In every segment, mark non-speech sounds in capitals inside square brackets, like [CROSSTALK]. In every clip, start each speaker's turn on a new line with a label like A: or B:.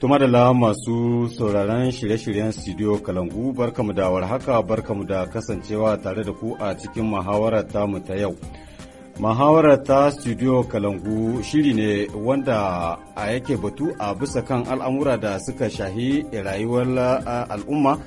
A: Tuma da la masu sauraron shirye-shiryen studio Kalangu barkamu da warhaka barkamu da kasancewa tare da ku a cikin muhawarar tamu ta yau. Muhawarar ta studio Kalangu shiri ne wanda a yake batu a bisa kan al'amura da suka shahi rayuwar al'umma.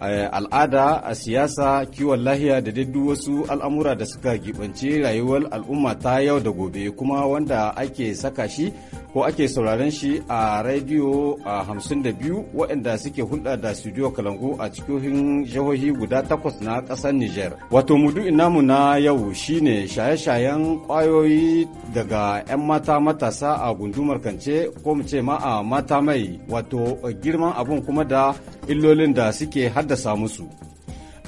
A: al'ada a siyasa kiwon lahiya da duk wasu al'amura da suka gibanci rayuwar al'umma ta yau da gobe kuma wanda ake saka shi ko ake sauraron shi a radio a hamsin da waɗanda suke hulɗa da studio kalangu a cikin jihohi guda takwas na ƙasar niger wato mudu namu na yau shine shaye-shayen ƙwayoyi daga 'yan mata matasa a gundumar kance ko mu ce ma a mata mai wato girman abun kuma da illolin da suke haddasa musu.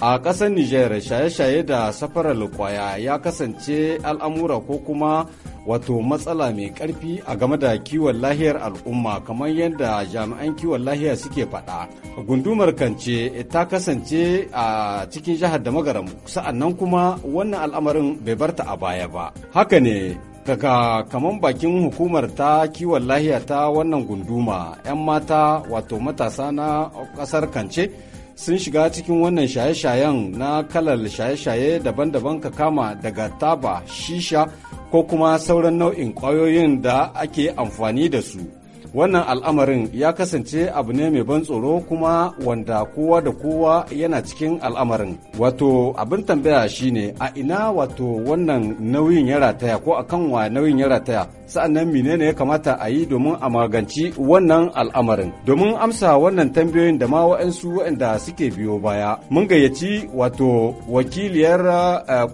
A: A ƙasar Nijar shaye-shaye da safarar kwaya ya kasance al'amura ko kuma wato matsala mai ƙarfi a game da kiwon lahiyar al'umma kamar yadda jami'an kiwon lahiya suke faɗa. Gundumar kance ta kasance a cikin jihar da magaram nan kuma wannan al'amarin bai barta a baya ba. Haka ne daga kamar bakin hukumar ta kiwon lahiya ta wannan gunduma 'yan mata wato matasa na ƙasar kance sun shiga cikin wannan shaye-shayen na kalar shaye-shaye daban-daban ka kama daga taba shisha ko kuma sauran nau'in kwayoyin da ake amfani da su wannan al'amarin ya kasance abu ne mai ban tsoro kuma wanda kowa da kowa yana cikin al'amarin wato abin tambaya shine a ina wato wannan nauyin ya rataya ko a kan wa nauyin ya rataya sa'annan menene ya kamata a yi domin a maganci wannan al'amarin domin amsa wannan tambayoyin da ma wa'ansu wa'anda suke biyo baya mun gayyaci wato wakiliyar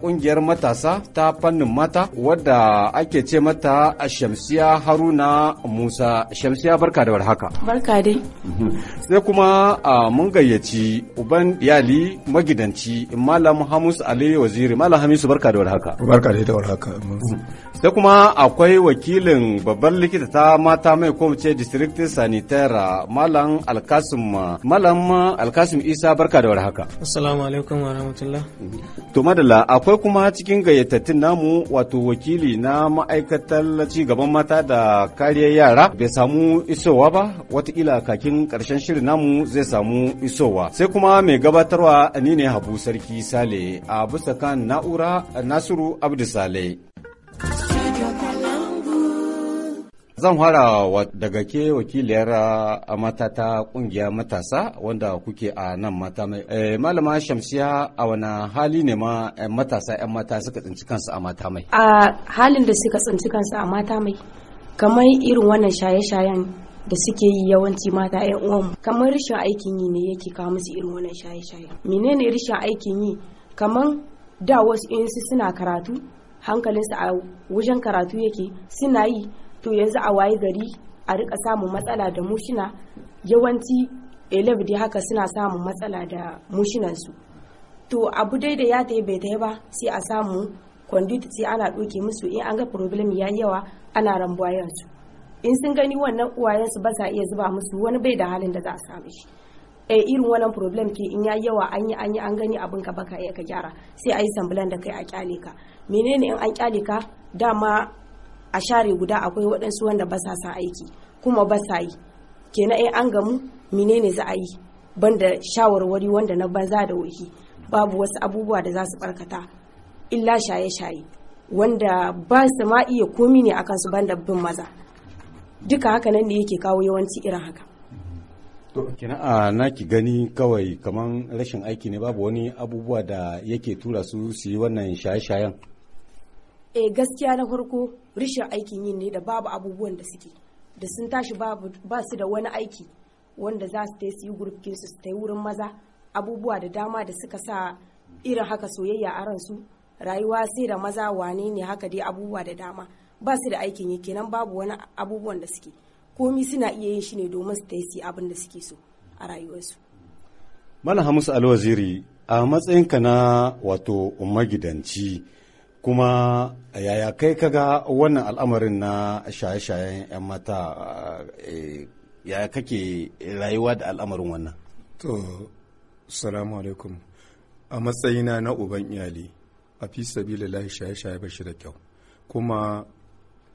A: kungiyar eh, matasa ta fannin mata wadda ake ce mata shamsiya haruna musa shamsiya shamsiya barka da warhaka barka dai mhm. sai kuma mun gayyaci uban iyali magidanci malam hamus ali waziri malam hamisu barka da warhaka
B: barka dai da warhaka mhm.
A: sai kuma akwai wakilin babban likita ta mata mai komce district sanitaire malam alkasim malam alkasim isa barka da warhaka
C: assalamu alaikum wa rahmatullah
A: to madalla akwai kuma cikin gayyatattun namu wato wakili na ma'aikatar ci gaban mata da kariyar yara bai samu isowa ba watakila kakin karshen shirin namu zai samu isowa sai kuma mai gabatarwa ni ne habu sarki sale a bisa kan na'ura nasiru abdu Zan fara daga ke wakiliyar a mata ta kungiyar matasa wanda kuke a nan mata mai. Eh, Malama Shamsiya a wani hali ne ma eh, matasa 'yan mata suka tsinci kansu a mata mai?
D: A halin da suka tsinci kansu a mata mai, kamar irin wannan shaye-shayen da suke yi yawanci mata 'yan uwanmu. Kamar rashin aikin yi ne yake kawo musu irin wannan shaye shaye Menene rashin aikin yi? Kamar da wasu in suna karatu hankalinsu a wajen karatu yake suna yi to yanzu a waye gari a rika samun matsala da mushina yawanci elef haka suna samun matsala da mushinansu to abu dai da ya ta bai ta ba sai a samu conduit sai ana ɗauke musu in an ga problem ya yawa ana rambuwayen su in sun gani wannan uwayen su ba sa iya zuba musu wani bai da halin da za a samu shi eh irin wannan problem ke in ya yawa an yi an yi an gani abin ka baka iya ka gyara sai a yi sambulan da kai a kyale ka menene in an kyale ka dama a share guda akwai waɗansu wanda ba sa sa aiki kuma ba sa yi kenan in an gamu menene za a yi banda shawarwari wanda na banza da wahi babu wasu abubuwa da za su barkata illa shaye-shaye wanda ba su ma iya komi ne akan su banda bin maza duka haka nan ne yake kawo yawanci irin haka
A: to kina a naki gani kawai kaman rashin aiki ne babu wani abubuwa da yake tura su su yi wannan shaye-shayen
D: eh gaskiya na farko rishin aikin yin ne da babu abubuwan da suke da sun tashi ba su da wani aiki wanda za su su yi gurfin su ta wurin maza abubuwa da dama da suka sa irin haka soyayya a ran su rayuwa sai da maza wane ne haka dai abubuwa da dama ba su da aikin yi kenan babu wani abubuwan da suke komi suna iya yin shi ne domin su su abin da suke so a rayuwarsu.
A: Mana Hamisu Alwaziri a matsayinka na wato gidanci kuma yaya kai kaga wannan al'amarin na shaye-shayen 'yan mata
B: eh, yaya kake rayuwa da al'amarin wannan to salamu alaikum a matsayina na uban iyali a fi lahi shaye-shaye ba shi da kyau kuma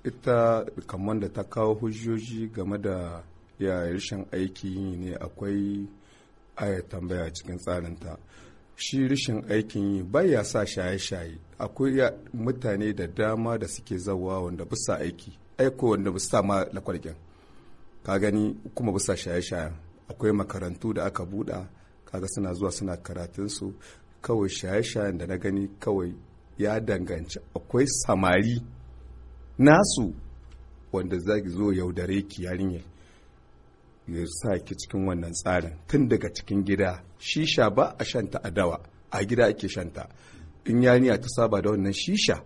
B: ita kamar da ta kawo hujjoji game da ya rashin aiki ne akwai ayar tambaya cikin tsarinta shi rishin aikin yi baya sa shaye-shaye akwai mutane da dama da suke zawa wanda bisa aiki aiko wanda bisa ma lakwalgen ka gani kuma bisa shaye-shayen akwai makarantu da aka buɗa kaga suna zuwa suna karatunsu kawai shaye-shayen da na gani kawai ya danganci akwai samari nasu wanda zai zo yaudare ki yarinyar ya sa ki cikin wannan tsarin tun daga cikin gida shisha ba a shanta a dawa a gida ake shanta in yaniya ta saba da wannan shisha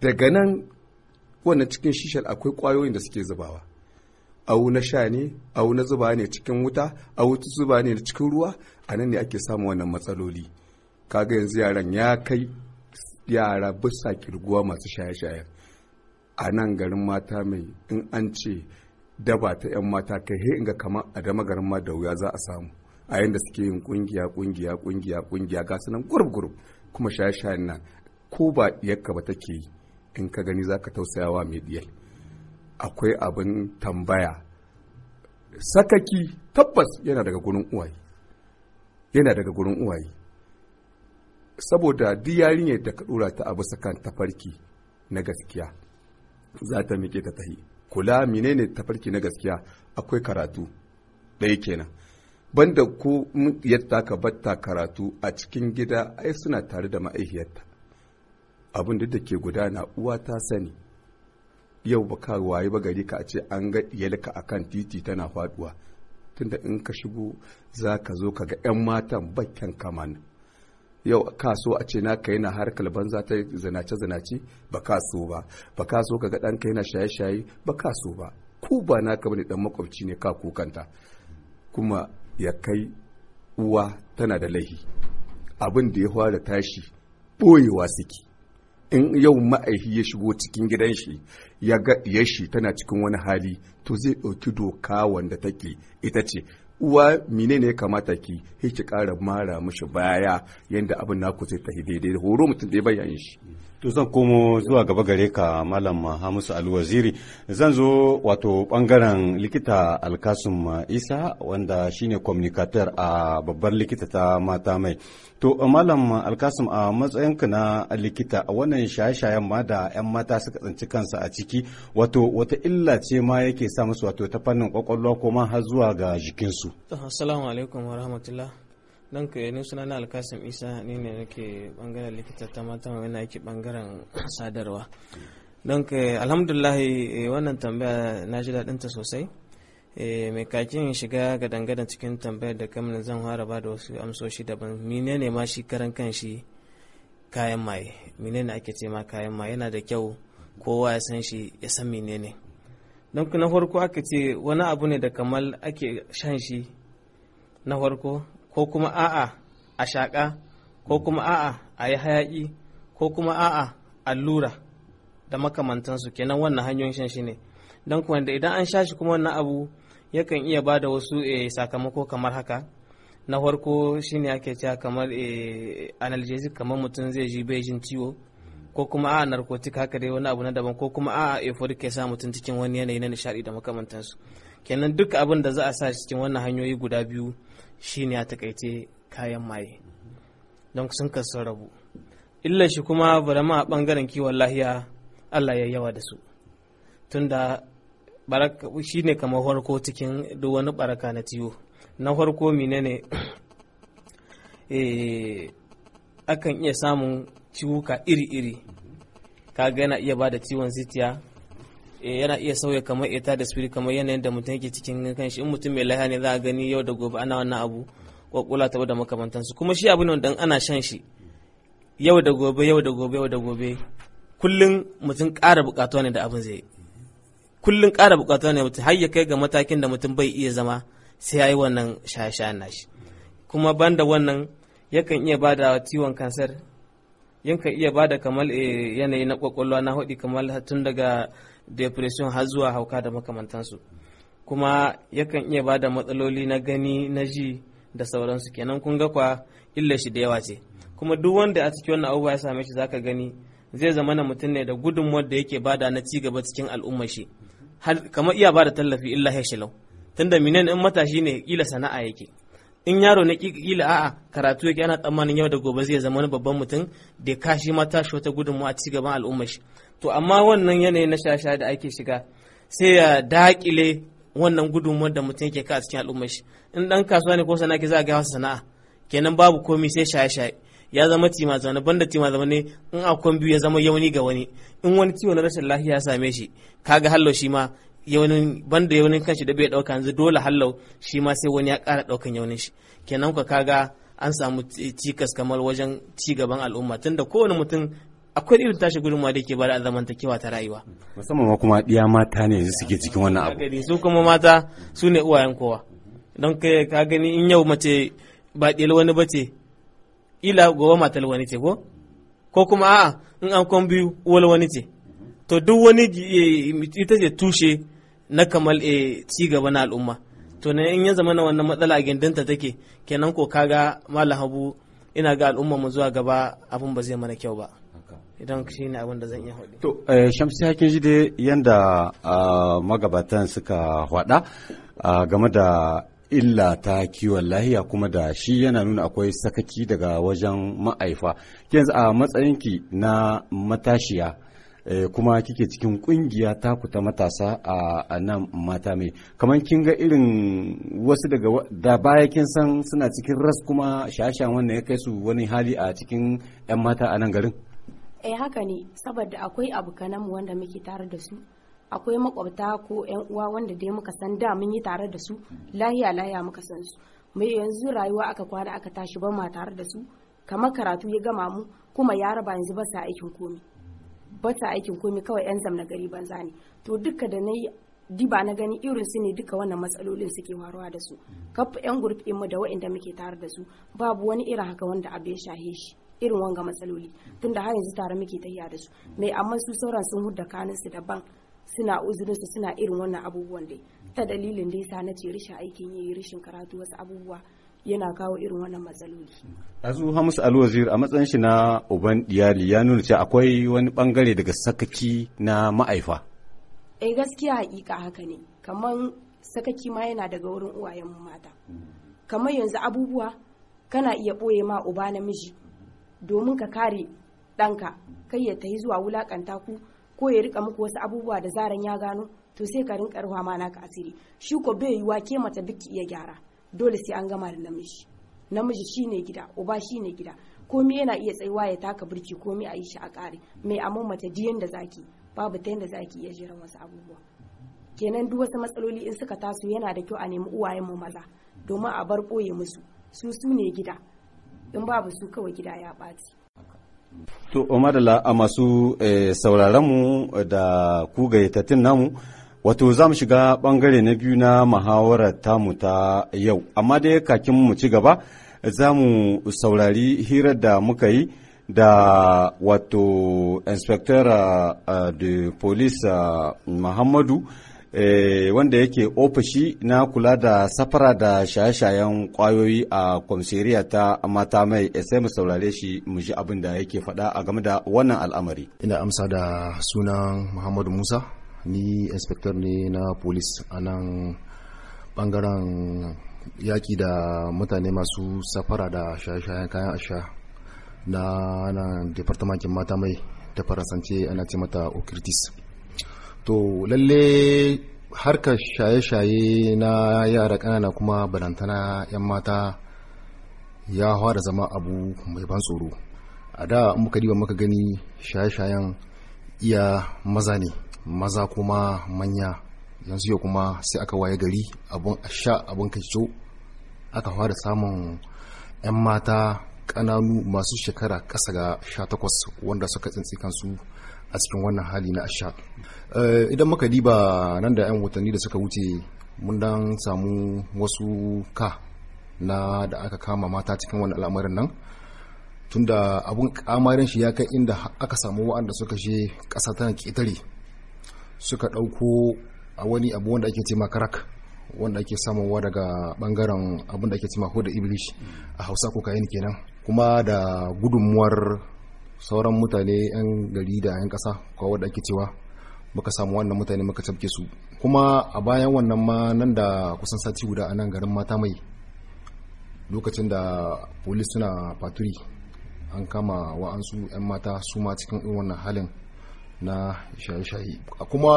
B: daga nan wannan cikin shishar akwai ƙwayoyin da suke zubawa awu na sha ne au na zuba ne cikin wuta ta zuba ne cikin ruwa a nan ne ake samun wannan matsaloli kaga yanzu yaran ya kai yara bisa kirguwa masu shaye shaye a nan garin mata mai in an ce daba ta 'yan mata kai he inga kama a dama garin ma da wuya za a samu a yanda suke yin kungiya kungiya kungiya kungiya ga sunan gurub kuma shaye shaye nan ko ba yakka ba take yi in ka gani za ka tausayawa mai diyar akwai abin tambaya sakaki tabbas yana daga gurin uwaye yana daga gurin uwaye saboda duk yarinyar da ka dora ta abu kan tafarki na gaskiya za ta miƙe ta tahi kula menene tafarki na gaskiya akwai karatu ɗaya kenan banda ko yadda ka batta karatu a cikin gida ai suna tare da ma'aihiyarta abin da ke gudana uwa ta sani yau ba ka waye ba gari ka ce an ga iyalka akan titi tana faduwa tunda in ka shigo za ka zo ka ga 'yan matan bakken kamana yau ka so a ce na naka yana harkar banza ta zinace zinace ba ka so ba ba ka so ka ga ɗan kai yana shaye shaye ba ka so ba ku ba naka bane ɗan makwabci ne ka kukanta kuma ya kai uwa tana da laihi abin da ya fara tashi ɓoyewa suke in yau ma'aihi ya shigo cikin gidan shi ya ga shi tana cikin wani hali to zai ɗauki doka wanda take ita ce uwa mine ne ya kamata ki hiki kara mara mishi baya yanda abin naku zai tafi daidai horo mutum da ya bayyana shi To
A: zan komo zuwa gaba gare ka Malam Hamisu Alwaziri. Zan zo wato bangaren likita Alkasum Isa wanda shine communicator a babbar likita ta mata mai. To Malam Alkasum a matsayinka na likita wannan shaye-shayen ma da 'yan mata suka tsinci kansa a ciki wato wata illa ce ma yake sa musu wato ta fannin kwakwalwa ko ma har zuwa ga jikinsu.
C: Assalamu alaikum wa rahmatullah. don ka yi suna na alkasim isa ne ne nake bangaren likita ta mata wani ake bangaren sadarwa don ka alhamdulahi eh, wannan tambaya na ji daɗinta sosai eh, mai kakin shiga ga dangadan cikin tambayar da kamar zan fara ba da wasu amsoshi daban mine ne ma shi karan kan shi kayan maye ne ake ce ma kayan maye yana da kyau kowa ya san shi ya san mine ne don na farko aka ce wani abu ne da kamar ake shan shi na farko ko kuma a'a a shaƙa ko kuma a'a a yi hayaƙi ko kuma a'a allura da makamantansu kenan wannan hanyoyin shan shi ne don kuma da idan an sha shi kuma wannan abu yakan iya ba da wasu eh, sakamako kamar haka na farko ne ake cewa kamar eh, analgesic kamar mutum zai ji bai jin ciwo ko kuma a narcotic haka dai wani abu na daban ko kuma a euphoric ke sa mutum cikin wani yanayi na nishaɗi da makamantansu kenan duk abin da za a sa cikin wannan hanyoyi guda biyu shine a takaice kayan maye mm-hmm. don sun kasu rabu illa shi kuma barama a bangaren kiwon lahiya allah ya yawa da su tunda shi ne kamar farko cikin duk wani baraka na tiyo na farko ne [CLEARS THROAT] eh, akan iya samun ciwuka iri-iri mm-hmm. ka gana iya ba da ciwon zitiya Eh, yana iya sauya kamar ita da spirit kamar yanayin da mutum yake cikin kanshi in mutum mai lahiya ne za a gani yau da gobe ana wannan abu kwakwula ta da makamantansu kuma shi abin wanda ana shan shi yau da gobe yau da gobe yau da gobe kullum mutum ƙara bukatuwa ne da abin zai kullum ƙara bukatuwa ne mutum har ya kai ga matakin da mutum bai iya zama sai ya yi wannan shaye na shi kuma banda wannan yakan iya bada ciwon kansar yankan iya bada kamar eh, yanayi na kwakwalwa na hudi kamar tun daga depression har zuwa hauka da makamantansu kuma yakan iya ba da matsaloli na gani na ji da sauransu kenan kun ga kwa illa shi da yawa ce kuma duk wanda a cikin wannan abubuwa ya same shi zaka gani zai zama na mutum ne da gudunmuwar da yake bada na ci gaba cikin al'ummar shi har kamar iya bada tallafi illa ya shilau tunda minen in matashi ne kila sana'a yake in yaro na kila a'a karatu yake ana tsammanin yau da gobe zai zama wani babban mutum da kashi mata shi wata gudunmuwa a ci gaban al'ummar shi to amma wannan yanayi na shasha da ake shiga sai ya dakile wannan gudunmuwar da mutum yake ka a cikin al'ummar shi in dan kasuwa ne ko sana'a ke za a ga wasu sana'a kenan babu komai sai shaye-shaye ya zama tima zaune banda tima zaune in akwai biyu ya zama yauni ga wani in wani ciwo na rashin lafiya ya same shi kaga hallo shi ma yaunin banda yaunin kanshi da bai dauka yanzu dole hallo shi ma sai wani ya kara daukan yaunin shi kenan ka kaga an samu cikas kamar wajen ci gaban al'umma tunda kowane mutum akwai irin tashi ma da ke bada a zamantakewa ta rayuwa musamman
A: ma kuma ɗiya mata ne yanzu suke cikin wannan
C: abu su kuma mata su ne uwayen kowa don ka gani in yau mace ba ɗiyar wani ba ce ila gobe matar wani ce ko ko kuma a'a in an kwan biyu uwar wani ce to duk wani e, ita ce tushe na kamal e, ci gaba na al'umma to ne in ya zama na wannan matsala a gindinta take kenan ko kaga malam habu ina ga al'umma mu zuwa gaba abin ba zai mana kyau ba idan shi ne abin da zan iya faɗi. To,
A: eh, Shamsu ya ji dai yadda ah, magabatan suka faɗa ah, game da illa ta kiwon lahiya kuma da shi yana nuna akwai sakaki daga wajen ma'aifa. Yanzu a matsayinki na matashiya eh, kuma kike cikin kungiya taku ta matasa ah, a nan mata mai kamar kin ga irin wasu daga da baya kin san suna cikin ras kuma shashan wannan ya kai su wani hali a cikin 'yan mata a nan garin
D: eh haka ne saboda akwai abu kanamu wanda muke tare da su akwai makwabta ko yan uwa wanda dai muka san da mun yi tare da su lahiya lahiya muka san su mai yanzu rayuwa aka kwana aka tashi ba ma tare da su kamar karatu ya gama mu kuma ya raba yanzu ba sa aikin komi ba sa aikin komi kawai yan zamna gari banza ne to duka da na diba na gani irin su ne duka wannan matsalolin suke waruwa da su kafa yan gurbi mu da waɗanda muke tare da su babu wani irin haka wanda abu ya shahe shi irin wanga matsaloli tunda har yanzu tare muke tahiya da su mai amma su sauran sun hudda kanin su daban suna uzurin su suna irin wannan abubuwan dai ta dalilin da yasa nace rishin aikin yi rishin karatu wasu abubuwa yana kawo irin wannan matsaloli.
A: Azu Hamisu Alwazir a matsayin shi na uban iyali ya nuna cewa akwai wani bangare daga sakaki na ma'aifa.
D: Eh gaskiya hakika haka ne kamar sakaki ma yana daga wurin uwayen mata. Mm. Kamar yanzu abubuwa kana iya boye ma uba namiji domin ka kare ɗanka kai ya tahi zuwa wulakanta ku ko ya rika muku wasu abubuwa da zaran ya gano to sai ka rinka ruwa ma ka asiri shi ko bai yiwa ke mata biki iya gyara dole sai an gama da namiji namiji shine gida uba shine gida komi yana iya tsayuwa ya taka birki komi a yi shi a kare mai amon mata diyan da zaki babu ta yanda zaki iya jiran wasu abubuwa kenan duk wasu matsaloli in suka taso yana da kyau a nemi uwayen mu maza domin a bar ɓoye musu su su ne gida in babu su kawai gida ya ɓaci
A: to umarala a masu eh, sauraronmu da ku gayyatattun namu wato za mu shiga bangare na biyu na muhawarar tamu ta yau amma dai kakin mu ci gaba za mu saurari hirar da muka yi da wato inspector eh, de police eh, muhammadu Eh, wanda yake ofishi na kula da safara da shaye-shayen kwayoyi a kwamsiriya ta mata mai eh, sai mu saurare shi mu ji abin da yake faɗa a game da wannan al'amari.
E: Ina amsa da sunan Muhammadu Musa, ni inspector ne na polis a nan bangaren yaki da mutane masu safara da shaye-shayen kayan asha na nan departamentin mata mai ta faransance ana ce mata okritis. to lalle harkar shaye-shaye na yara ƙanana kuma barantana 'yan mata ya da zama abu mai ban tsoro a da muka diba muka gani shaye-shayen iya maza ne maza kuma manya yanzu yau kuma sai aka waye gari abun sha abun kaco aka fara samun 'yan mata ƙananu masu shekara ƙasa ga 18 wanda suka tsintsi kansu a cikin wannan hali na asha. Eh, idan muka diba nan da 'yan watanni da suka wuce mun dan samu wasu ka na da aka kama mata cikin wani al'amarin nan tunda abun kamarin shi ya kai inda aka samu wa'anda suka je kasa tana ƙetare suka ɗauko a wani abu wanda ake ce karak wanda ake samuwa daga bangaren abun da ake ce da iblis a hausa ko kayan kenan kuma da gudunmuwar sauran mutane 'yan gari da 'yan kasa ko wadda ake cewa muka samu wannan mutane muka tafke su kuma a bayan wannan ma nan da kusan sati guda a nan garin mata mai lokacin da polis suna faturi an kama wa'ansu 'yan mata su ma cikin irin wannan halin na shaye-shaye kuma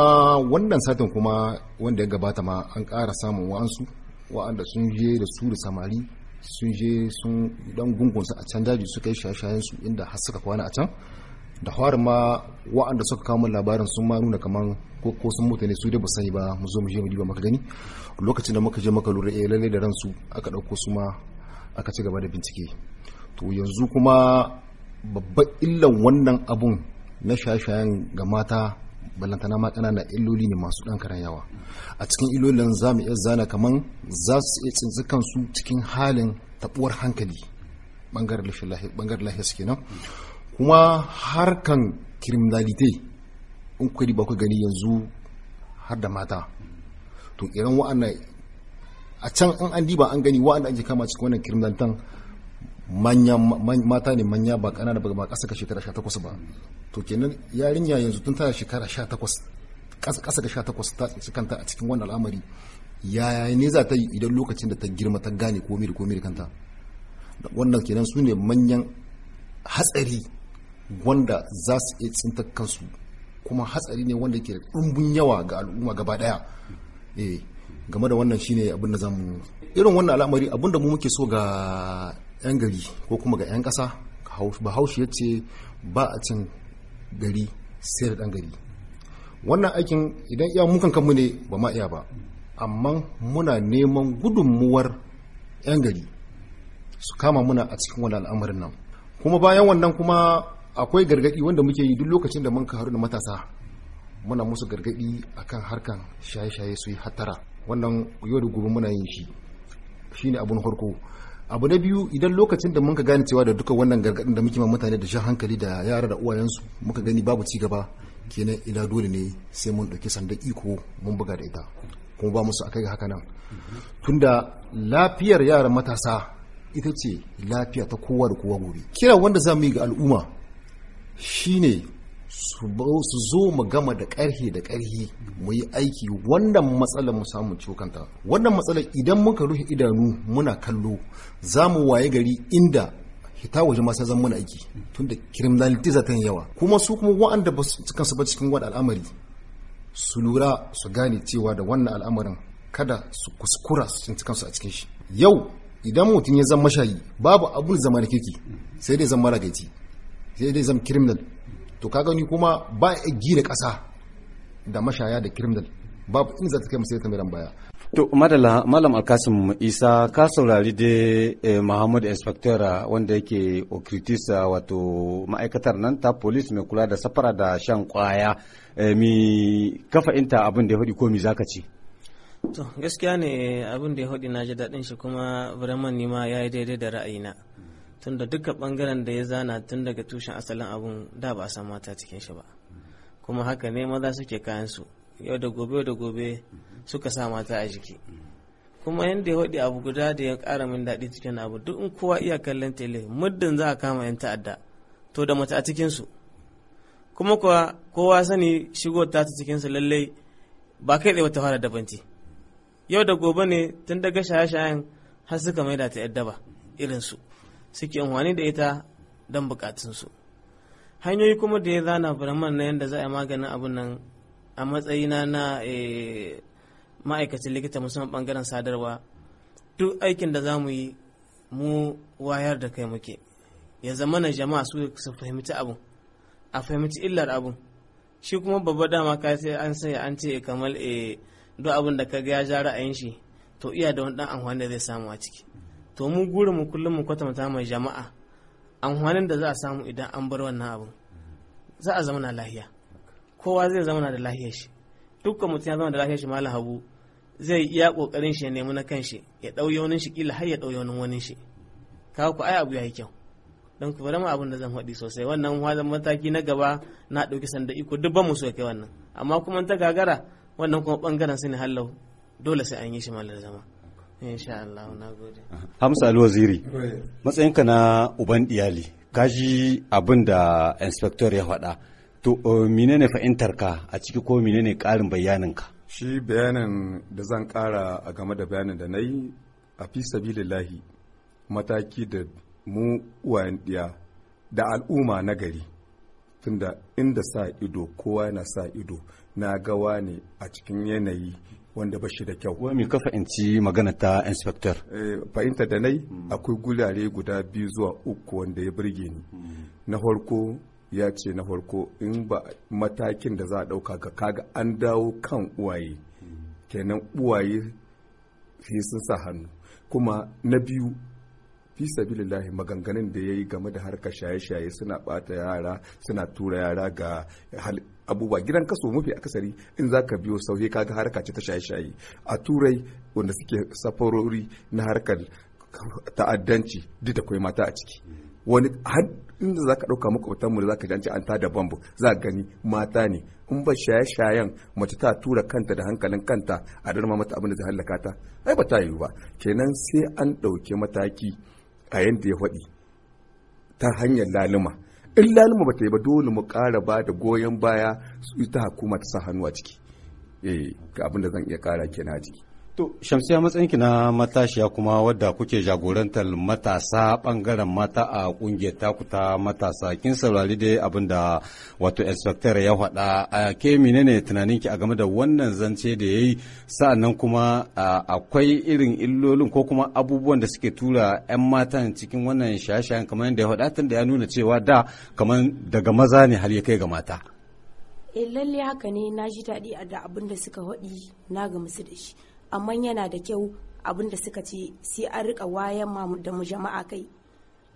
E: wannan satin kuma wanda ya gabata ma an ƙara samun wa'ansu wa'anda sun je da su da samari sun je sun dan gungunsa a can daji suka yi shaye su inda har suka kwana a can da fara ma wa'anda suka kawo labarin sun ma nuna kamar ko sun mutane su da ba sani ba mu zo mu je mu diba maka gani lokacin da muka je maka lura eh lalle da ransu aka dauko su ma aka ci gaba da bincike to yanzu kuma babban illan wannan abun na shaye-shayen ga mata ballantana ma na illoli ne masu ɗan karan yawa a cikin illolin za mu iya zana kaman za su iya tsinci kansu cikin halin taɓuwar hankali ɓangaren lafiya suke nan kuma harkan criminality in kwari ba ku gani yanzu har da mata to irin wa'annan a can an an diba an gani wa'annan ake kama cikin wannan criminalitan manya mata ne manya ba kanana ba kasa ka shekara sha takwas ba to kenan yarinya yanzu tun tana shekara sha takwas kasa ga takwas ta kanta a cikin wannan al'amari ya ne za ta yi idan lokacin da ta girma ta gane komi da komi da kanta wannan kenan su ne manyan hatsari wanda za su iya tsinta kansu kuma hatsari ne wanda ke da ɗumbin yawa ga al'umma gaba ɗaya eh, game da wannan shine abin da zamu irin wannan al'amari abin da mu muke so ga 'yan gari ko kuma ga 'yan ƙasa bahaushe ya ce ba a cin gari sai da ɗan gari wannan aikin idan iya mukan kanmu ne ba ma iya ba amma muna neman gudunmuwar 'yan gari su kama muna a cikin wani al'amarin nan kuma bayan wannan kuma akwai gargaɗi wanda muke yi duk lokacin da mun haru da matasa muna musu gargaɗi akan harkan shaye-shaye su yi hattara wannan yau da gobe muna yin shi shine abun farko abu na biyu idan lokacin da muka gane cewa da duka wannan gargadin da muke ma mutane da shan hankali da yara da uwayensu muka gani babu ci gaba kenan ila dole ne sai mun ɗauki sandan iko mun buga da ita kuma ba musu akai haka nan tunda lafiyar yaran matasa ita ce lafiya ta kowa da kowa gobe kira wanda za mu yi ga al'umma shine su zo mu gama da karhe da karhe mu yi aiki wannan matsalar mu samu cokanta wannan matsalar idan muka rufe idanu muna kallo za mu waye gari inda hita waje masu zan muna aiki tunda criminality za ta yawa kuma su kuma wa'anda ba su cikin ba cikin wani al'amari su lura su gane cewa da wannan al'amarin kada su kuskura su cin kansu a cikin shi yau idan mutum ya zama mashayi babu abun zama da kirki sai dai zama ragaiti sai dai zama criminal to ka gani kuma ba gina ƙasa da mashaya da criminal babu in za ta kai musaita mai baya
A: to Madala malam alkasim isa ka saurari da eh, muhammad inspector ah, wanda yake Okritisa wato ma'aikatar nan ta polis mai kula da safara da shan kwaya eh, mi kafa inta abin da ya faɗi ko mi zaka ce
C: to gaskiya ne abin da ya faɗi na ji daɗin shi kuma vraiment ni ma ya yi daidai da ra'ayina tunda duka bangaren da ya zana tun daga tushen asalin abun da ba a san mata cikin shi ba kuma haka ne maza suke kayan su yau da gobe da gobe suka sa mata a jiki kuma yadda ya waɗi abu guda da ya kara min daɗi cikin abu duk in kowa iya kallon tele muddin za a kama 'yan ta'adda to da mace a cikin su kuma kuwa kowa sani shigo ta ta su lallai ba kai tsaye wata fara dabanci yau da gobe ne tun daga shaye-shayen har suka maida ta yadda ba su suke amfani da ita don bukatunsu hanyoyi kuma da ya zana birman na yadda za a maganin abin nan a matsayina na eh, ma'aikacin likita musamman bangaren sadarwa duk aikin da za mu yi mu wayar da kai muke ya zama na jama'a su su fahimci abin a fahimci illar abin shi kuma babba dama ka sai an sai an ce kamar eh, duk abin da ka ga ya ja yin shi to iya da wani dan amfani da zai samu a ciki to mu gurin mu kullum mu kwatanta mai jama'a amfanin da za a samu idan an bar wannan abu za a zama na lahiya kowa zai na da lahiyar shi dukkan mutum ya zama da lahiyar shi malam habu zai iya kokarin shi ya nemi na kanshi ya dauye wani shi kila har ya dauye wani wani shi kawo ku ai abu ya yi kyau don ku bari mu abin da zan faɗi sosai wannan wajen mataki na gaba na ɗauki sanda iko duk ba mu so kai wannan amma kuma ta gagara wannan kuma bangaren su ne hallau dole sai an yi shi malam zama insha Allah
A: matsayinka na uban iyali kaji abin da inspector ya faɗa to eh, menene ka a ciki ko menene ƙarin bayaninka
B: shi bayanin da zan ƙara a game da bayanin da na yi a fi sabilillahi mataki da mu uwayen ɗiya da al'umma na gari tunda inda sa ido kowa na sa ido na gawa ne a cikin yanayi wanda ba shi da kyau. Wai
A: ka fahimci magana ta inspector?
B: Eh, fahimta da nai akwai gulare guda biyu zuwa uku wanda ya burge ni. Hmm. Na farko ya ce na farko in ba matakin da za a ɗauka ga kaga an dawo kan uwaye hmm. kenan uwaye sai sun sa hannu kuma na biyu fi sabilillahi maganganun da ya yi game da harkar shaye-shaye suna bata yara suna tura yara ga abubuwa gidan kaso mafi akasari in za ka biyo sauye kaga harka ce ta shaye-shaye a turai wanda suke safarori na harkar ta'addanci duk da kwai mata a ciki wani har inda za ka ɗauka makwabtan mu da za ka janci an tada bambu za ka gani mata ne in ba shaye-shayen mace ta tura kanta da hankalin kanta a darma mata abin da zai hallaka ta ai ba ta yiwu ba kenan sai an ɗauki mataki a yadda ya faɗi ta hanyar laluma in lalima ba ta yi ba dole mu kara ba da goyon baya su ita hukuma ta sa hannu a ciki eh ga abin da zan iya kara kenan a ciki To, Shamsiya
A: matsayinki na matashiya kuma wadda kuke jagorantar matasa bangaren mata a kungiyar taku ta matasa kin saurari dai abin da wato inspector ya faɗa a ke menene tunaninki a game da wannan zance da ya yayi sa'annan kuma akwai irin illolin ko kuma abubuwan da suke tura 'yan matan cikin wannan shaye kamar yadda ya faɗa tun da ya nuna cewa da kamar daga maza ne har ya kai ga mata.
D: eh lalle haka ne na ji daɗi a da abin da suka haɗi na ga gamsu da shi amma yana da kyau abin da suka ce sai an rika wayan ma da mu jama'a kai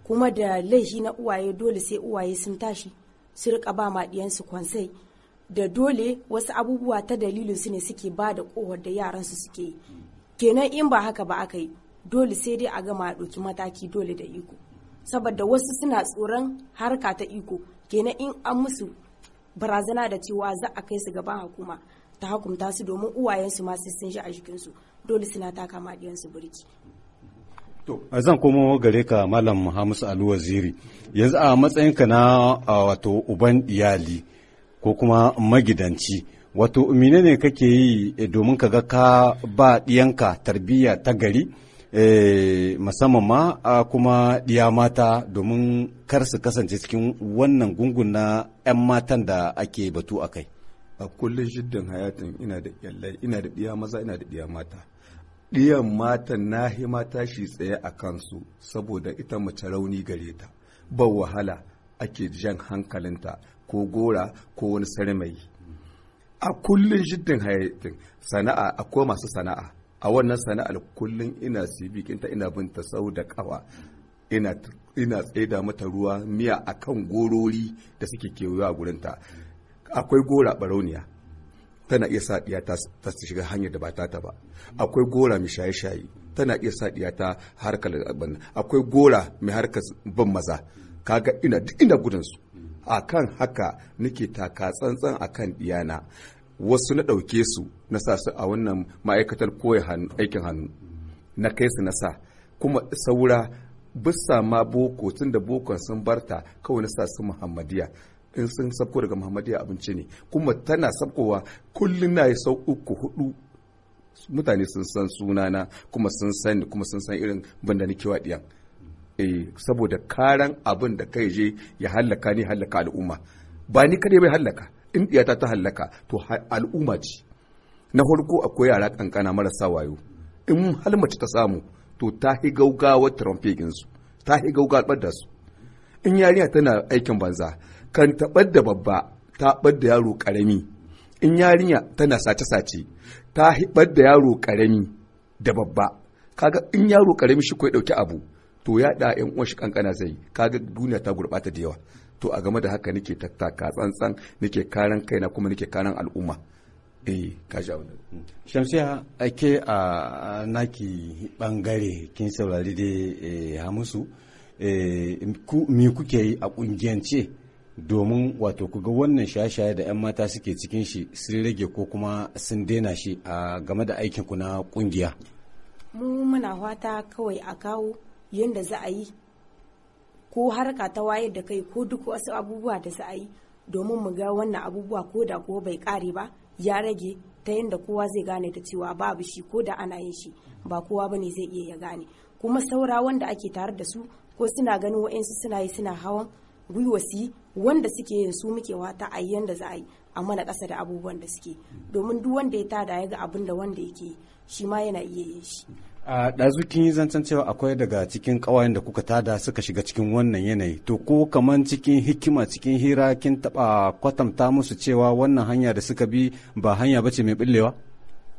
D: kuma da laifi na uwaye dole sai uwaye sun tashi su rika ba ma diyansu kwansai da dole wasu abubuwa ta dalilin su ne suke ba da kohar da yaran su suke yi kenan in ba haka ba aka yi dole sai dai a gama a ɗauki mataki dole da iko saboda wasu suna tsoron harka ta iko kenan in an musu barazana da cewa za a kai su gaban hukuma ta hukunta su domin uwayensu masu sun shi a jikinsu dole suna taka ma diyansu burki
A: To, zan komo gare ka Malam Hamisu Ali Waziri, yanzu a matsayin ka na wato uban iyali ko kuma magidanci, wato ne kake yi eh, domin ka ga ka ba ɗiyanka tarbiyya ta gari, eh, musamman ma a kuma ɗiya mata domin kar su kasance cikin wannan gungun na 'yan matan da ake
B: batu a kai. a kullum shiddin hayatin ina da kyallai ina da ɗiya maza ina da ɗiya mata ɗiyan mata na hima tashi tsaye a kansu saboda ita mace rauni gare ta ba wahala ake jan hankalinta ko gora ko wani sarmai a kullum shiddin hayatin sana'a akwai masu sana'a a wannan sana'ar kullum ina sibikinta ina binta sau da kawa ina tsaida mata ruwa miya akan gorori da suke kewaye a gurinta akwai gora barauniya tana iya sa ɗiya ta shiga hanyar da ba ta ba akwai gora mai shaye-shaye tana iya sa ɗiya ta harkar abin akwai gora mai harkar ban maza kaga ina duk ina gudun su akan haka nake taka tsantsan akan ɗiyana wasu na ɗauke su na sa su a wannan ma'aikatar koya aikin hannu na kai su na sa kuma saura bisa ma boko tun da bokon sun barta kawai na sa su muhammadiya in sun sabko daga muhammadiya abinci ne kuma tana sabkowa kullum na yi sau uku hudu mutane sun san sunana kuma sun sani kuma sun san irin banda nake waɗiya eh, saboda karan abin da kai je ya hallaka ni hallaka al'umma ba ni kadai bai hallaka in iyata ta hallaka to al'umma ce na farko akwai yara kankana marasa wayo in hal ta samu to ta hi gaugawa tramfeginsu ta hi gaugawa su in yarinya tana aikin banza kan taɓar da babba ta da yaro ƙarami in yarinya tana sace-sace ta ɓar da yaro ƙarami da babba kaga in yaro ƙarami shi kawai ɗauki abu to ya ɗa yan uwan shi kankana zai kaga duniya ta gurɓata da yawa to a game da haka nake tattaka tsantsan nake karan kaina kuma nake karan al'umma eh ka shamsiya ake
A: a naki bangare kin saurari da eh, hamisu eh, ku me kuke yi a kungiyance domin wato kuga wannan shaye-shaye da 'yan mata suke cikin shi sun rage ko kuma sun daina shi a game da aikin ku na kungiya
D: mu muna fata kawai a kawo yadda za a yi ko harka ta wayar da kai ko duk wasu abubuwa da za a yi domin mu ga wannan abubuwa ko da ko bai kare ba ya rage ta yadda kowa zai gane da cewa babu shi ko da ana yin shi ba kowa bane zai iya ya gane kuma saura wanda ake tare da su ko suna ganin wa'insu suna yi suna hawan gwiwasi wanda suke yin su muke wata a yanda za a yi a mana ƙasa da abubuwan da suke domin duk wanda ya tada ya ga abin da wanda yake shi ma yana iya yin shi
A: a ɗazu kin yi zancen cewa akwai daga cikin ƙawayen da kuka tada suka shiga cikin wannan yanayi to ko kaman cikin hikima cikin hira kin taɓa kwatanta musu cewa wannan hanya da suka bi ba hanya ba ce mai ɓillewa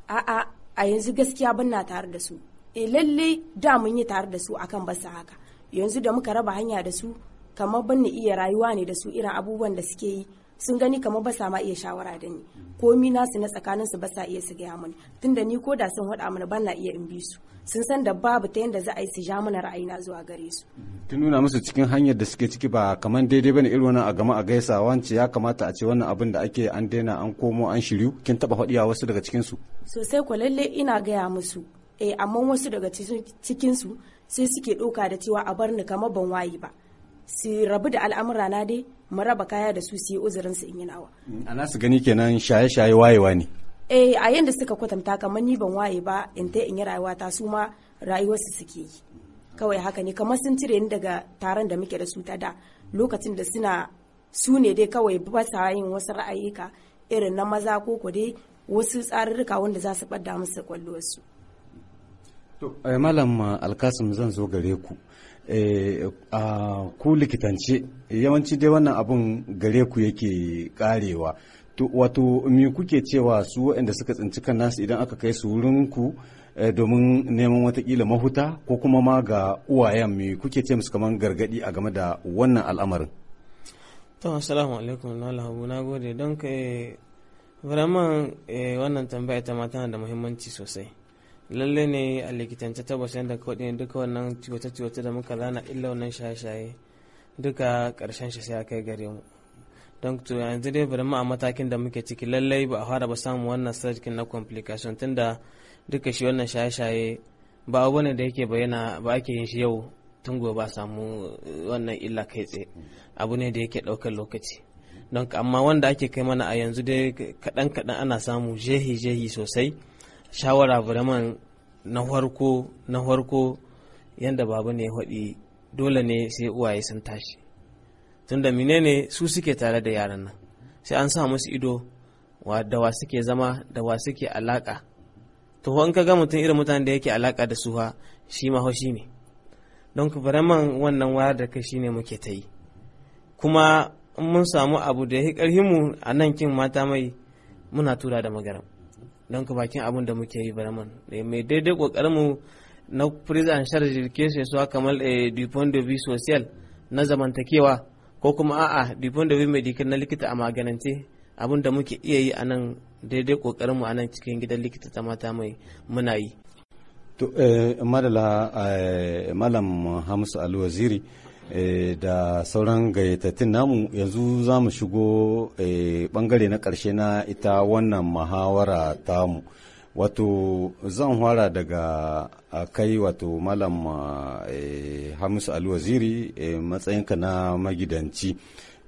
D: a'a a yanzu gaskiya ban na tare da su e eh, lalle da mun yi tare da su akan basa haka yanzu da muka raba hanya da su kamar ban iya rayuwa ne da su irin abubuwan da suke yi sun gani kamar ba sa ma iya shawara da ni komi nasu na tsakanin su ba sa iya su gaya mani tunda ni ko da sun hada mana ban na iya in bi su sun san da babu ta yanda za a yi su ja mana ra'ayina zuwa gare su
A: tun nuna musu cikin hanyar da suke ciki ba kamar daidai bane irin wannan a gama a gaisa wance ya kamata a ce wannan abin da ake an daina an komo an shiryu kin taba faɗiya wasu daga cikin su
D: sosai ko lalle ina gaya musu eh amma wasu daga cikin su sai suke ɗauka da cewa a bar ni kamar ban wayi ba su rabu da al'amura na dai mu raba kaya da su su yi uzurin su in yi nawa
A: mm, a nasu gani kenan shaye-shaye wayewa ne
D: eh a yanda suka kwatanta kamar ni ban waye ba in ta in yi rayuwa ta su ma rayuwarsu suke yi kawai haka ne kamar sun cire ni daga taron da muke da su ta da lokacin da suna su ne dai kawai ba sa yin wasu ra'ayika irin na maza ko ko dai wasu tsarurruka wanda za su bada musu kwallo su.
A: To, eh, malam alkasim zan zo gare ku. Eh, a ku likitance yawanci dai wannan abun gare ku yake karewa wato me kuke cewa su waɗanda suka tsinci kan nasu idan aka kai su wurin ku eh, domin neman watakila mahuta ko kuma ma ga uwayen me kuke ce musu kamar gargadi a game da wannan al'amarin
C: to assalamu alaikum na na gode don kai eh, vraiment wannan tambaya ta ma tana da muhimmanci sosai lalle ne a likitance tabbas yadda kuɗi duka wannan ciwata ciwata da muka zana illa wannan shaye-shaye duka ƙarshen shi sai kai gare mu don to yanzu dai bari mu a matakin da muke ciki lallai ba a fara ba samu wannan sarkin na complication tunda duka shi wannan shaye-shaye ba abu ne da yake bayyana ba ake yin shi yau tun gobe ba samu eh, wannan illa kai tsaye abu ne da yake daukar lokaci don amma wanda ake kai mana a yanzu dai kaɗan-kaɗan ana samu jehi-jehi sosai shawara vraiment na farko na farko yadda babu ne haɗi dole ne sai uwaye sun tashi tunda menene su suke tare da yaran nan sai an sa musu ido da wa suke zama da wa suke alaka to in ka ga mutum irin mutanen da yake alaka da su shi ma haushi ne don ku man wannan wayar da kai shine muke ta yi kuma mun samu abu da ya ƙarfinmu a nan kin mata mai muna tura da magaram don ka bakin abin da muke yi barman eh, mai daidai kokarin mu na prison and charge education su kamar eh, dupont de vie social na zamantakewa ko kuma a'a dupont de vie medical na likita a maganance abin da muke iya yi a nan daidai kokarin mu a nan cikin gidan likita ta mata mai muna yi
A: to eh, madala malam hamsu alwaziri Eh, da sauran gayyatattun namu yanzu za mu shigo bangare eh, na ƙarshe na ita wannan muhawara tamu wato zan fara daga kai wato malam eh, hamisu alwaziri matsayinka na magidanci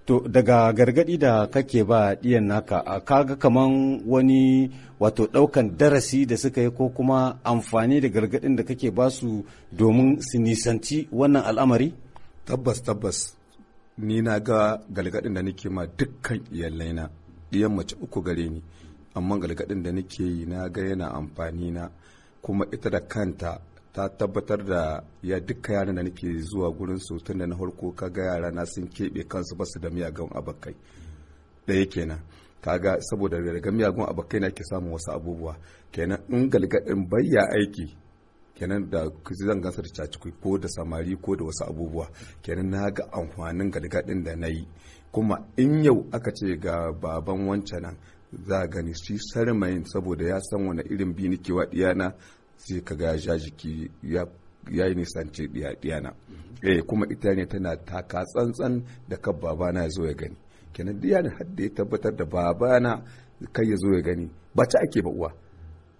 A: to daga gargadi da kake ba ɗiyan naka kaga kaman wani wato ɗaukan darasi da suka yi ko kuma amfani da gargadin da kake basu domin su nisanci wannan al'amari
B: tabbas tabbas ni na ga galgadin da nake ma dukkan iyalai na iyan mace uku gare ni amma galgadin da nake yi na ga yana amfani na kuma ita da kanta ta tabbatar da ya duka yaran da nake zuwa gurin su tun da na harko kaga yara na sun keɓe kansu basu da miyagun abakai ɗaya kenan kaga saboda daga miyagun abakai na ke samun wasu abubuwa kenan in galgadin bayya aiki kenan da zan gansa da cacikui ko da samari ko da wasu abubuwa kenan na ga amfanin gargaɗin da na yi kuma in yau aka ce ga baban wancanan za a gani shi sarmayin saboda ya san wani irin bi nake wa diyana sai ka ga ya jiki ya yi nisance diyana eh kuma ita ne tana taka tsantsan da kan babana ya zo ya gani kenan diyana har da ya tabbatar da babana kai ya zo ya gani ba ta ake ba uwa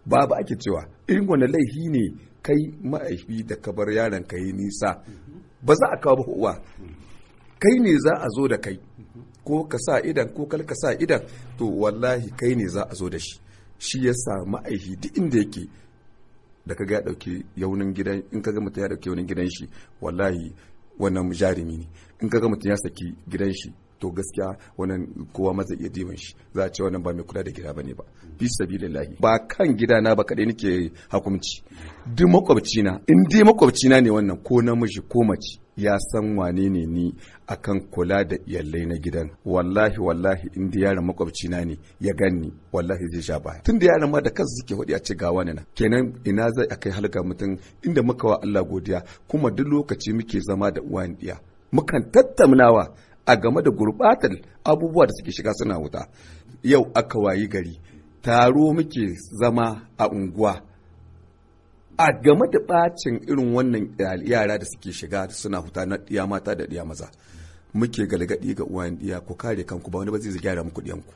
B: ba ake cewa irin wani laifi ne kai ma'aifi da ka bar yaron ka yi nisa ba za a kawo uwa kai ne za a zo da kai ko ka sa idan ko kal ka sa idan to wallahi kai ne za a zo da shi shi ya sa ma'aifi duk inda yake da ka ga dauke yaunin gidan in ka ga mutum ya dauke yaunin gidan shi wallahi wannan jarumi ne in ka ga mutum ya saki gidan shi to gaskiya wannan kowa ma zai iya diban shi za a ce wannan ba mai kula da gida bane ba bi lahi ba kan gida na ba kadai nake hukunci duk makwabci na in dai makwabci na ne wannan ko namiji ko mace ya san wane ne ni akan kula da iyalai na gidan wallahi wallahi in da yaran makwabci na ne ya ganni wallahi zai sha baya tun da yaran ma da kansu suke hudi a ce ga wani na kenan ina zai akai halga mutum inda muka wa Allah godiya kuma duk lokaci muke zama da uwan diya mukan tattaunawa a game da gurbatar abubuwa da suke shiga suna wuta yau aka wayi gari taro muke zama a unguwa a game da bacin irin wannan yara da suke shiga suna huta na ɗiya mata da ɗiya maza muke galgadi ga uwa ɗiya ku kare kanku ba wani ba zai gyara muku ɗiyanku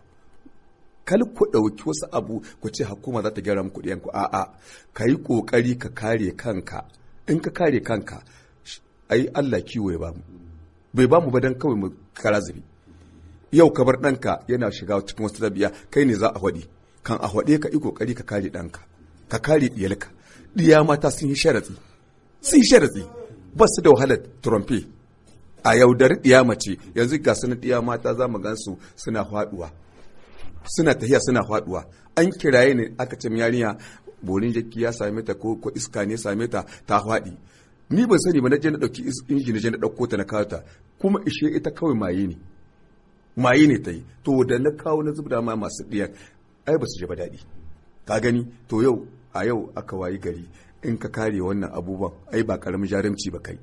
B: kal ku ɗauki wasu abu ku ce hukuma za ta gyara muku ɗiyanku a'a ka yi ƙoƙari ka kare kanka in ka kare kanka ai Allah kiwo ya bamu bai ba mu ba dan kawai mu kara zubi yau kabar bar ɗanka yana shiga cikin wasu tabiya kai ne za a haɗi kan a haɗe ka iko ƙoƙari ka kare ɗanka ka kare ɗiyalka ɗiya mata sun yi sharatsi sun yi sharatsi ba su da wahalar trompe a yaudar ɗiya mace yanzu ga suna ɗiya mata za mu gansu suna faɗuwa suna tahiya suna faɗuwa an kiraye ne aka ce yarinya borin jaki ya same ta ko iska ne same ta ta faɗi ni ban sani ba na je na dauki injin na je na dauko ta na kawo ta kuma ishe ita kawai maye ne maye ne ta yi to da na kawo na zubda ma masu ɗiya ai ba su je ba daɗi ka gani to yau a yau aka wayi gari in ka kare wannan abubuwan ai ba karamin jarumci ba kai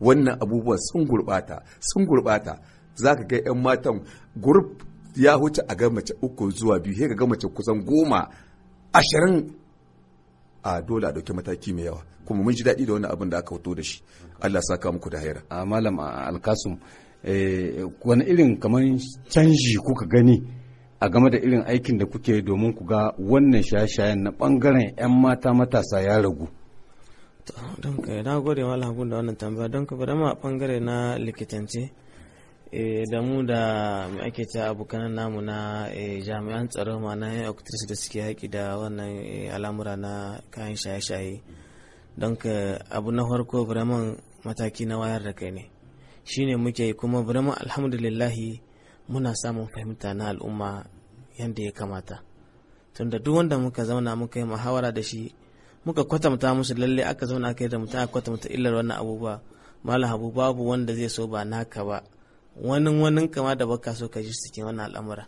B: wannan abubuwan sun gurbata sun gurbata za ka ga 'yan matan gurb ya huce a ga mace uku zuwa biyu sai ka ga mace kusan goma ashirin a dole a dauki mataki mai yawa kuma mun ji daɗi da wannan abin da aka fito da shi Allah saka muku da haira a malam alkasum eh, wani irin kamar canji kuka gani a game
A: da irin aikin da kuke domin ku ga wannan shaye-shayen na bangaren 'yan mata matasa ya
C: ragu don eh, na gode wala da wannan tambaya don ka bada ma bangare na likitance Eh, da mu da mai ake ta abokan namu na eh, jami'an tsaro ma na yan da suke haƙi da wannan eh, al'amura na kayan shaye-shaye don ka abu na farko biraman mataki na wayar da kai ne shi ne muke kuma vraiment alhamdulillahi muna samun fahimta na al'umma yadda ya kamata tunda duk wanda muka zauna muka yi muhawara da shi muka kwatanta musu lalle aka zauna aka yi da mutum a kwatanta illar wannan abubuwa malam habu babu wanda zai so ba naka ba wani wani kama da baka so ka ji cikin wannan al'amura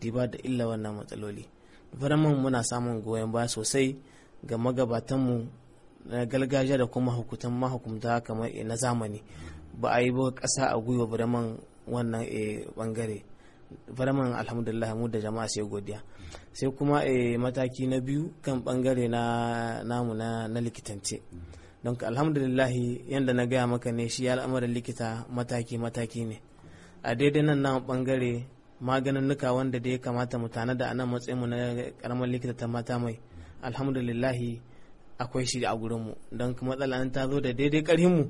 C: diba da illa wannan matsaloli vraiment muna samun goyon baya sosai ga magabatanmu na gargajiya da kuma hukutan mahukunta kamar eh, na zamani ba a yi ba ƙasa a gwiwa vraiment wannan bangare eh, vraiment alhamdulillah mu da jama'a sai godiya sai kuma eh, mataki na biyu kan bangare na namu na likitance don alhamdulillah yadda na gaya maka ne shi al'amarin likita mataki mataki ne a daidai nan nan bangare maganin nuka wanda da ya kamata mu tana da anan matsayin mu na karamar likita ta mata mai alhamdulillahi akwai shi a gurin mu don tsala an ta zo da daidai karhin mu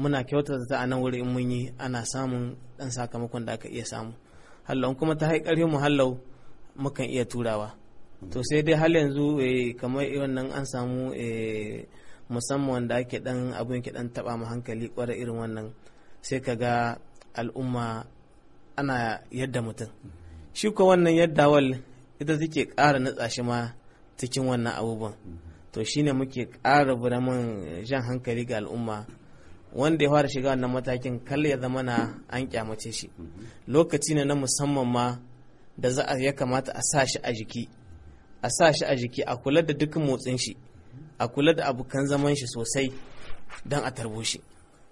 C: muna kyautata ta anan wuri in mun yi ana samun dan sakamakon da aka iya samu hallau kuma ta hai karhin mu hallau mukan iya turawa to sai dai hal yanzu eh, kamar wannan an samu eh, musamman da ake dan abun ke dan taba mu hankali kwarai irin wannan sai ka ga al'umma ana yadda mutum shi kuwa wannan wal ita take ƙara nutsa shi ma cikin wannan abubuwan to shine muke ƙara buramin jan hankali ga al'umma wanda ya fara shiga wannan matakin kal ya zama na an kyamace shi lokaci ne na musamman ma da za a ya kamata a sa shi a jiki a sa shi a jiki a kula da duk motsin shi a kula da abokan zaman shi sosai don a tarbo shi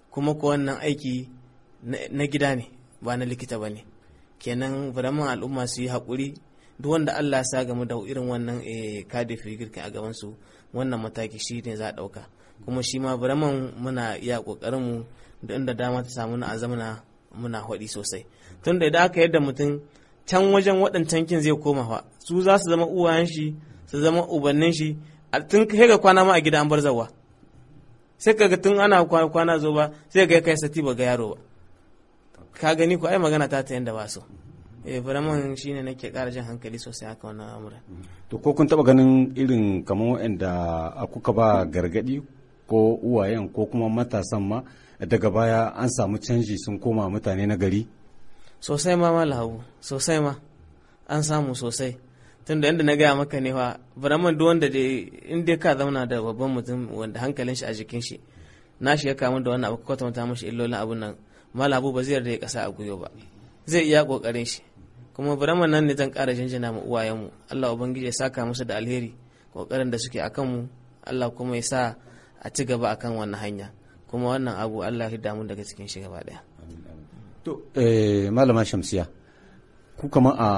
C: kuma ko wannan aiki na gida ne ba na likita ba ne kenan vraiment al'umma su yi haƙuri duk wanda Allah sa game da irin wannan eh, kada firgirkin a gabansu wannan mataki shi ne za a ɗauka kuma shi ma vraiment muna iya ƙoƙarin mu da inda dama ta samu na zamana muna haɗi sosai tun da idan aka yadda mutum can wajen waɗancan kin zai koma fa su za su zama uwayen shi su zama ubannin shi a tun kai ga kwana ma a gida an bar zawa sai kaga tun ana kwana zo ba sai ga kai sati ba ga yaro ba ka gani ko ai magana ta ta yanda ba so eh vraiment shine nake ƙara jin hankali sosai haka wannan amuran
A: to ko kun taba ganin irin kamar wanda kuka ba gargadi ko uwayen ko kuma matasan ma daga baya an samu canji sun koma mutane na gari
C: sosai ma malahu sosai ma an samu sosai tunda yadda na gaya maka ne fa buraman duk wanda dai in dai ka zauna da babban mutum wanda hankalin shi a jikin shi na shi ya kamu da wannan abu kwatanta shi illolin abun nan malabu ba zai ya kasa a gwiwa ba zai iya kokarin shi kuma buraman nan ne zan kara jinjina mu uwayenmu Allah ubangiji ya saka musu da alheri kokarin da suke akan mu Allah kuma ya sa a ci gaba akan wannan hanya kuma wannan abu Allah ya damu daga cikin shi gaba daya
A: to eh malama Shamsiya ku kama a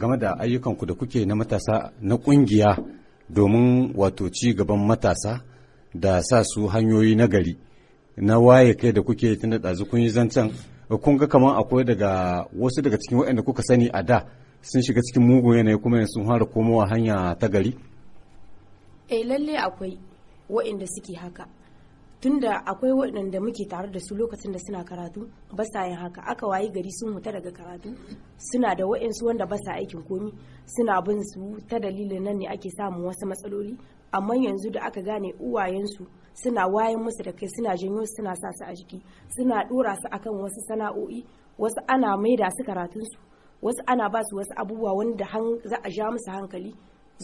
A: game da ayyukan ku da kuke na matasa na kungiya domin wato ci gaban matasa da sa su hanyoyi na gari na waye kai da kuke tun da ɗazu kun yi zancen kun ga kamar akwai daga wasu daga cikin waɗanda kuka sani a da sun shiga cikin mugun yanayi kuma sun fara komowa hanya ta gari
D: eh lalle akwai waɗanda suke haka tunda akwai waɗanda muke tare da su lokacin da suna karatu ba sa yin haka aka wayi gari sun huta daga karatu suna da waɗansu wanda ba sa aikin komi suna bin su ta dalilin nan ne ake samun wasu matsaloli amma yanzu da aka gane uwayensu suna wayan musu da kai suna janyo suna sa su a jiki suna ɗora su akan wasu sana'o'i wasu ana maida su karatunsu wasu ana ba su wasu abubuwa wanda za a ja musu hankali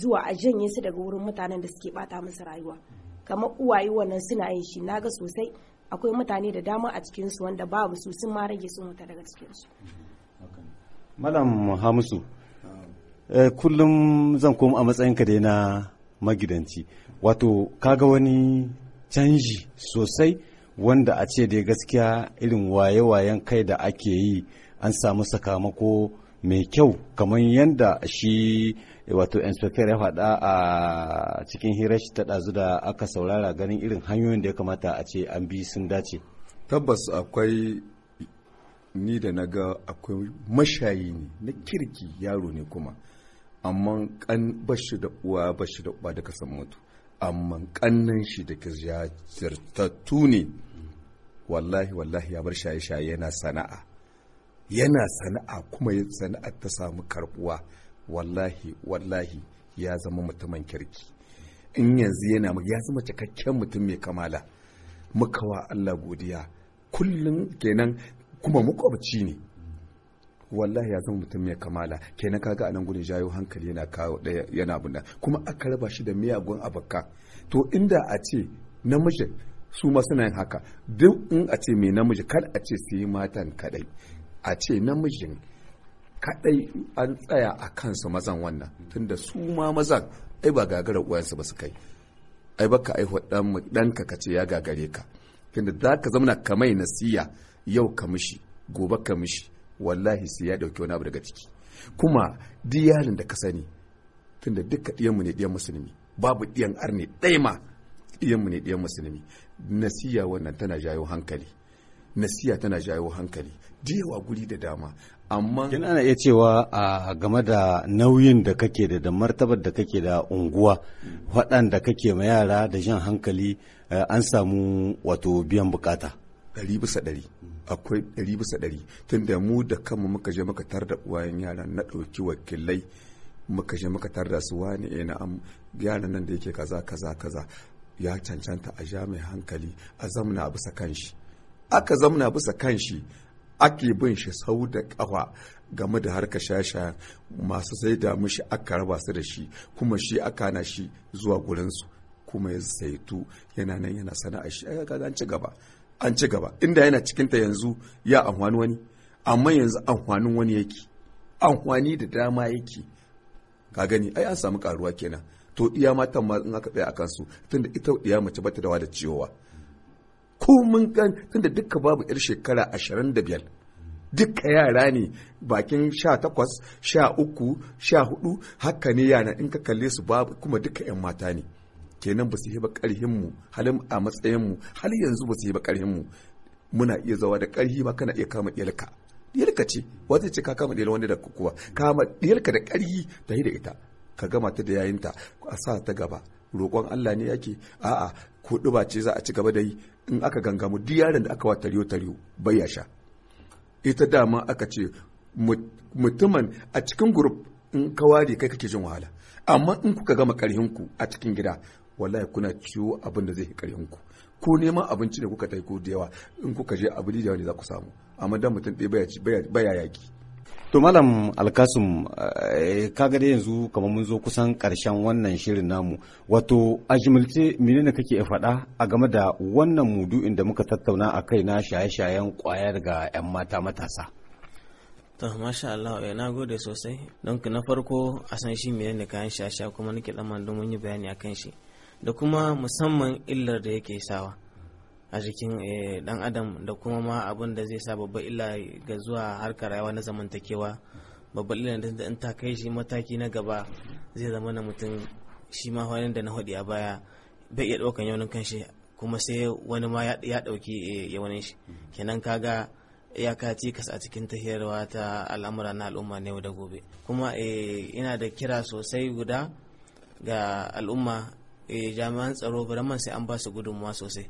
D: zuwa a janye su daga wurin mutanen da suke bata musu rayuwa kamar uwaye wannan suna yin shi naga sosai akwai mutane da dama a cikinsu wanda babu su sun ma rage sun wuta daga cikinsu
A: malam hamisu eh, kullum zan koma a matsayinka dai na magidanci wato kaga wani canji sosai wanda a ce dai gaskiya irin waye-wayen kai da ake yi an samu sakamako mai kyau kamar yadda shi wato inspector ya faɗa a cikin hirar shi ta ɗazu da aka saurara
B: ganin irin hanyoyin da ya kamata a ce an bi sun dace tabbas akwai ni da na ga akwai mashayi ne na kirki yaro ne kuma amma kan bashi da uwa bashi da uba da san mutu amma kannan shi da ke zartattu ne wallahi wallahi ya bar shaye-shaye yana sana'a yana sana'a kuma sana'a ta samu karbuwa wallahi wallahi ya zama mutumin kirki in yanzu yana ya zama cikakken mutum mai kamala muka wa Allah godiya kullum kenan kuma makwabci ne wallahi ya zama mutum mai kamala kenan kaga anan gudun jayo hankali yana kawo daya yana bunda kuma aka raba shi da miyagun abaka to inda a ce namiji su ma suna yin haka duk in a ce mai namiji kar a ce su yi matan kadai a ce namijin kadai an tsaya a kansu mazan wannan tunda su ma mazan ai ba gagara uwansu ba su kai ai baka ai dan ka ce ya gagare ka tunda za ka zama mai nasiya yau ka mishi gobe ka mishi wallahi sai ya dauke wani abu daga ciki kuma diyalin da ka sani tunda duka diyanmu ne diyan musulmi babu diyan arne ɗaya ma diyanmu ne diyan musulmi nasiya wannan tana jayo hankali nasiya tana jayo hankali Diyawa guri da dama amma kin na iya cewa a game da nauyin
A: da kake da da martabar da kake da unguwa faɗan da kake ma yara da jan hankali
B: eh, an samu wato biyan bukata ɗari bisa ɗari akwai ɗari bisa ɗari tunda mu da kanmu muka je muka tar da uwayen yara na ɗauki wakilai muka je muka tar da su wani ina eh, yaran nan da yake kaza kaza kaza ya cancanta a ja mai hankali a zamna bisa kanshi aka zamna bisa kanshi ake bin shi sau da kafa game da harkar shasha masu sai da mushi aka raba su da shi kuma shi aka na shi zuwa gurinsu kuma ya saitu yana nan yana sana'a shi an ci gaba an ci gaba inda yana cikinta yanzu ya amfani wani amma yanzu amfanin wani yake amfani da dama yake ka gani ai an samu karuwa kenan to iya matan ma in aka tsaya akan su tunda ita iya mace bata dawa da ciyowa ko mun kan tunda dukka babu yar shekara ashirin da biyar dukka yara ne bakin sha takwas sha uku sha hudu haka ne yana in ka kalle su babu kuma duka yan mata ne kenan ba su yi ba karhin mu halin a matsayin mu hal yanzu ba su yi ba karhin mu muna iya zawa da karhi ba kana iya kama iyalka diyarka ce wata ce ka kama diyar wani da kuwa kama diyarka da karhi ta yi da ita ka gama ta da yayinta a sa ta gaba roƙon Allah ne yake a'a ko duba ce za a ci gaba da yi in aka gangamu duk yaron da aka wa tariyo tariyo bai ya sha ita dama aka ce mutumin a cikin gurup in ka ware kai kake jin wahala amma in kuka gama karhin ku a cikin gida wallahi kuna ciwo abin da zai yi ku ko neman abinci da kuka taiko da yawa in kuka je abu da yawa ne za ku samu amma dan mutum ɗaya baya yaki To Malam Alkasum eh, kaga da
A: yanzu kamar mun zo kusan karshen wannan shirin namu wato a jimilce menene kake faɗa a game da wannan mudu inda muka tattauna a kai na shaye-shayen kwaya daga 'yan mata
C: matasa. to masha Allah ya eh, na gode sosai don na farko a san shi menene kayan shaye kuma nake dan mun yi bayani a kan shi da kuma musamman illar da yake sawa a jikin dan eh, adam da kuma ma abin da zai sa babba illa ga zuwa harkar rayuwa na zamantakewa babban illa da in ta kai shi mataki na gaba zai zama na mutum shi ma wani da na hudu a baya bai iya ɗaukan kan kanshi kuma sai wani ma ya ɗauki eh, yaunin shi kenan kaga iyaka cikas a cikin tahiyarwa ta al'amura na al'umma na yau da gobe kuma eh, ina da kira sosai guda ga al'umma jami'an tsaro bari sai an ba su gudunmuwa sosai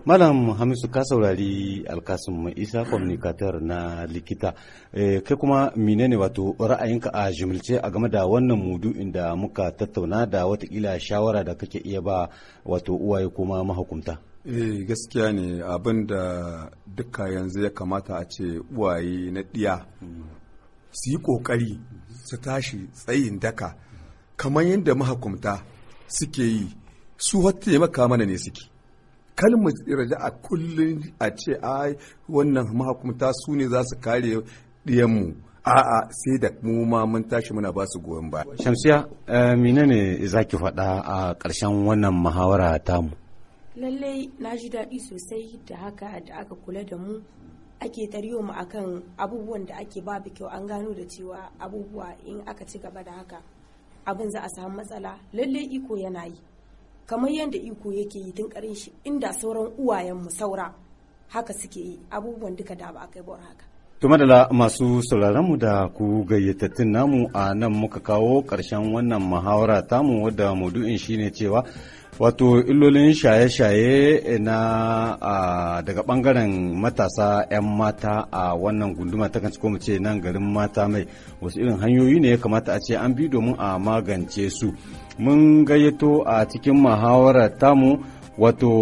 A: Malam Hamisu ka saurari mai isa communicator na likita eh, kai kuma menene wato ra'ayinka a jimilce a game da wannan mudu inda muka tattauna da watakila shawara da kake iya ba wato uwaye kuma
B: mahukunta. Eh gaskiya ne abin da duka yanzu ya kamata a ce uwaye na ɗiya su yi ƙoƙari su tashi tsayin daka kamar yadda mahukunta suke yi su taimaka mana ne suke kalmar a kullum a ce ai wannan mahakunta su ne za su kare diyanmu a'a sai da mu ma mun tashi muna ba su goyon ba
A: shamsiya eh, za ki faɗa a ƙarshen wannan muhawara tamu
D: lallai na ji daɗi sosai da haka da aka kula da mu ake tariyo mu akan abubuwan da ake babu kyau an gano da cewa abubuwa in aka ci gaba da haka abin za a samu matsala lallai iko yana yi kamar yadda iko yake yi tun karin shi inda sauran uwayenmu saura haka suke yi abubuwan duka da ba a kai bawar haka
A: To da masu sauraronmu da ku gayyatattun namu a nan muka kawo ƙarshen wannan muhawara tamu wadda maudu'in shine cewa wato illolin shaye-shaye na daga bangaren matasa 'yan mata a wannan gunduma ta kan mu ce nan garin mata mai wasu irin hanyoyi ne ya kamata a ce an bi domin a magance su. mun gayyato a cikin mahawara tamu wato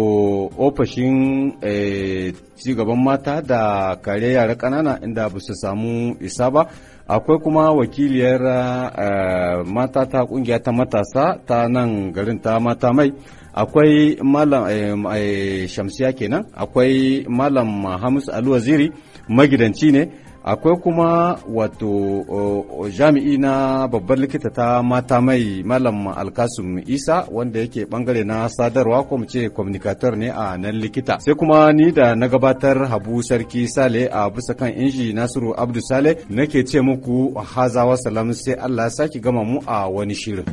A: ofishin eh, cigaban mata da kare yara ƙanana inda ba su samu isa ba akwai kuma wakiliyar eh, mata ta kungiya ta matasa ta nan garin ta mata mai akwai malam eh, shamsiya kenan akwai malam hamus alwaziri magidanci ne akwai kuma wato jami'i na babbar likita ta mata mai malam alkasum isa wanda yake bangare na sadarwa ko mu ce communicator ne a nan likita sai kuma ni da na gabatar habu sarki sale a bisa kan inji nasiru abdu sale nake ce muku hazawa salam sai allah sake gama mu a wani shirin